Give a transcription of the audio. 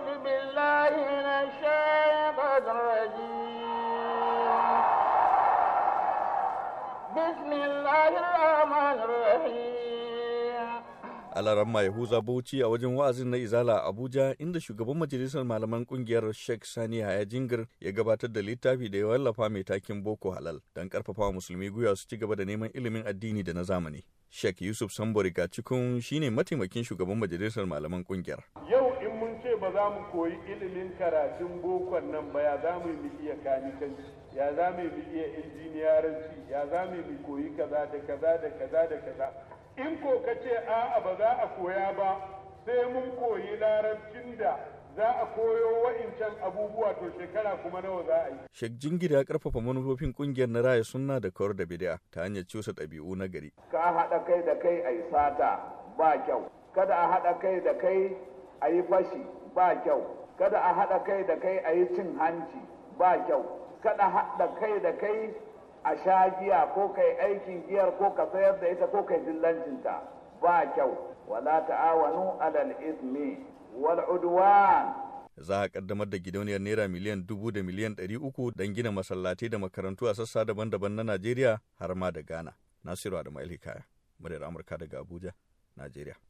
أعوذ بالله من الشيطان الرجيم بسم الله الرحمن الرحيم Bauchi a wajen wa'azin na Izala Abuja inda shugaban majalisar malaman kungiyar Sheikh Sani Haya Jingir ya gabatar da littafi da ya wallafa mai takin Boko Halal don karfafa musulmi gwiwa su ci gaba da neman ilimin addini da na zamani. Sheikh Yusuf Sambori cikin shine mataimakin shugaban majalisar malaman kungiyar. ce ba za mu koyi ilimin karatun bokon nan ba ya za mu yi iya kanikanci ya za mu yi iya injiniyaranci ya za mu yi koyi kaza da kaza da kaza da kaza in ko ka ce a'a ba za a koya ba sai mun koyi larabcin da za a koyo wa'incan abubuwa to shekara kuma nawa za a yi. Sheikh Jingir ya karfafa manufofin kungiyar na raya suna da kawar da bid'a ta hanyar cusa ɗabi'u na gari. Ka haɗa kai da kai a sata ba kyau. Kada a haɗa kai da kai a yi fashi ba kyau kada a haɗa kai da kai a yi cin hanci ba kyau kada haɗa kai da kai a sha giya ko kai aikin giyar ko ka sayar da ita ko kai dillancinta ba kyau wala ta'awanu alal ismi wal udwan za a kaddamar da gidauniyar naira miliyan dubu da miliyan ɗari uku don gina masallatai da makarantu a sassa daban-daban na Najeriya har ma da Ghana. Nasiru Adamu Alhikaya, muryar Amurka daga Abuja, Najeriya.